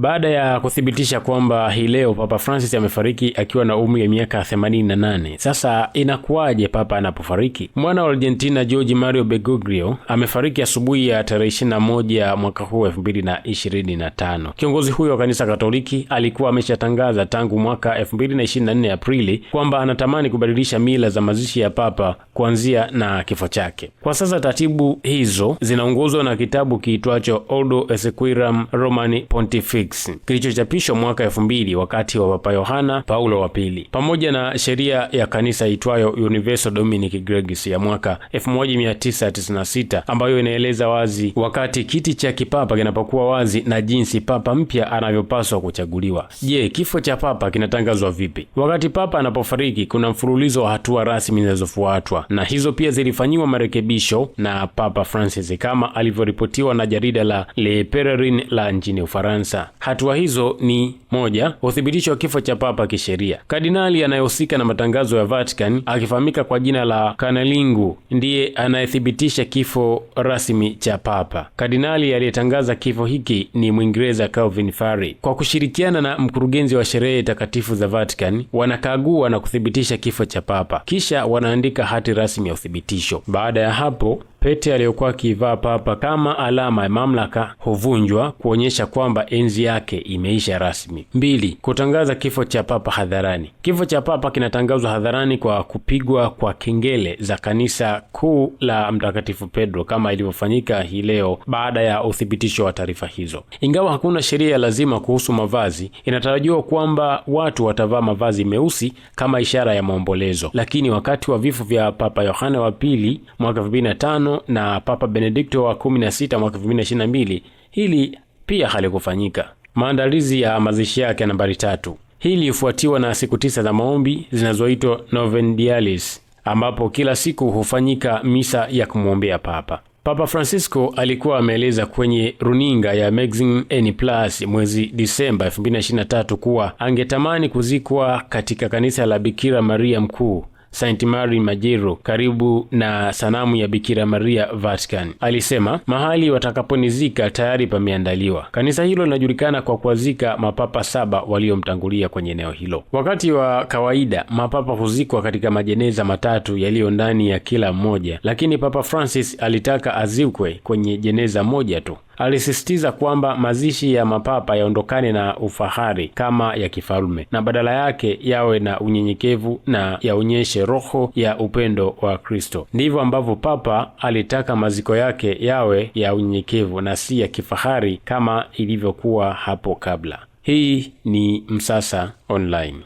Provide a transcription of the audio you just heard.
Baada ya kuthibitisha kwamba hii leo Papa Francis amefariki akiwa na umri ya miaka 88. Sasa inakuwaje Papa anapofariki? Mwana wa Argentina George Mario begoglio amefariki asubuhi ya tarehe 21 mwaka huu 2025. Kiongozi huyo wa kanisa Katoliki alikuwa ameshatangaza tangu mwaka 2024 Aprili kwamba anatamani kubadilisha mila za mazishi ya Papa kuanzia na kifo chake. Kwa sasa taratibu hizo zinaongozwa na kitabu kiitwacho Ordo esquiram Romani Pontific Felix kilichochapishwa mwaka 2000 wakati wa Papa Yohana Paulo wa pili, pamoja na sheria ya kanisa itwayo Universal Dominic Gregis ya mwaka 1996 ambayo inaeleza wazi wakati kiti cha kipapa kinapokuwa wazi na jinsi papa mpya anavyopaswa kuchaguliwa. Je, kifo cha papa kinatangazwa vipi? Wakati papa anapofariki, kuna mfululizo wa hatua rasmi zinazofuatwa, na hizo pia zilifanyiwa marekebisho na Papa Francis kama alivyoripotiwa na jarida la Le pererin la nchini Ufaransa. Hatua hizo ni moja, uthibitisho wa kifo cha papa kisheria. Kardinali anayehusika na matangazo ya Vatican akifahamika kwa jina la kanalingu ndiye anayethibitisha kifo rasmi cha papa. Kardinali aliyetangaza kifo hiki ni Mwingereza Calvin Farley. Kwa kushirikiana na mkurugenzi wa sherehe takatifu za Vatican, wanakagua na kuthibitisha kifo cha papa, kisha wanaandika hati rasmi ya uthibitisho. Baada ya hapo Pete aliyokuwa akiivaa papa kama alama ya mamlaka huvunjwa kuonyesha kwamba enzi yake imeisha rasmi. Mbili, kutangaza kifo cha papa hadharani. Kifo cha papa kinatangazwa hadharani kwa kupigwa kwa kengele za kanisa kuu la Mtakatifu Pedro kama ilivyofanyika hii leo baada ya uthibitisho wa taarifa hizo. Ingawa hakuna sheria lazima kuhusu mavazi, inatarajiwa kwamba watu watavaa mavazi meusi kama ishara ya maombolezo. Lakini wakati wa vifo vya Papa Yohane wa Pili mwaka 2005 15 na Papa Benedikto wa 16 mwaka 2022, hili pia halikufanyika. Maandalizi ya mazishi yake nambari tatu. Hii ilifuatiwa na siku tisa za maombi zinazoitwa novendialis ambapo kila siku hufanyika misa ya kumwombea Papa. Papa Francisco alikuwa ameeleza kwenye runinga ya Magazine N Plus mwezi Disemba 2023 kuwa angetamani kuzikwa katika kanisa la Bikira Maria Mkuu St Mary Majero karibu na sanamu ya Bikira Maria Vatican. Alisema mahali watakaponizika tayari pameandaliwa. Kanisa hilo linajulikana kwa kuwazika mapapa saba waliomtangulia kwenye eneo hilo. Wakati wa kawaida mapapa huzikwa katika majeneza matatu yaliyo ndani ya kila mmoja, lakini Papa Francis alitaka azikwe kwenye jeneza moja tu alisisitiza kwamba mazishi ya mapapa yaondokane na ufahari kama ya kifalme na badala yake yawe na unyenyekevu na yaonyeshe roho ya upendo wa Kristo. Ndivyo ambavyo papa alitaka maziko yake yawe ya unyenyekevu na si ya kifahari kama ilivyokuwa hapo kabla. Hii ni Msasa Online.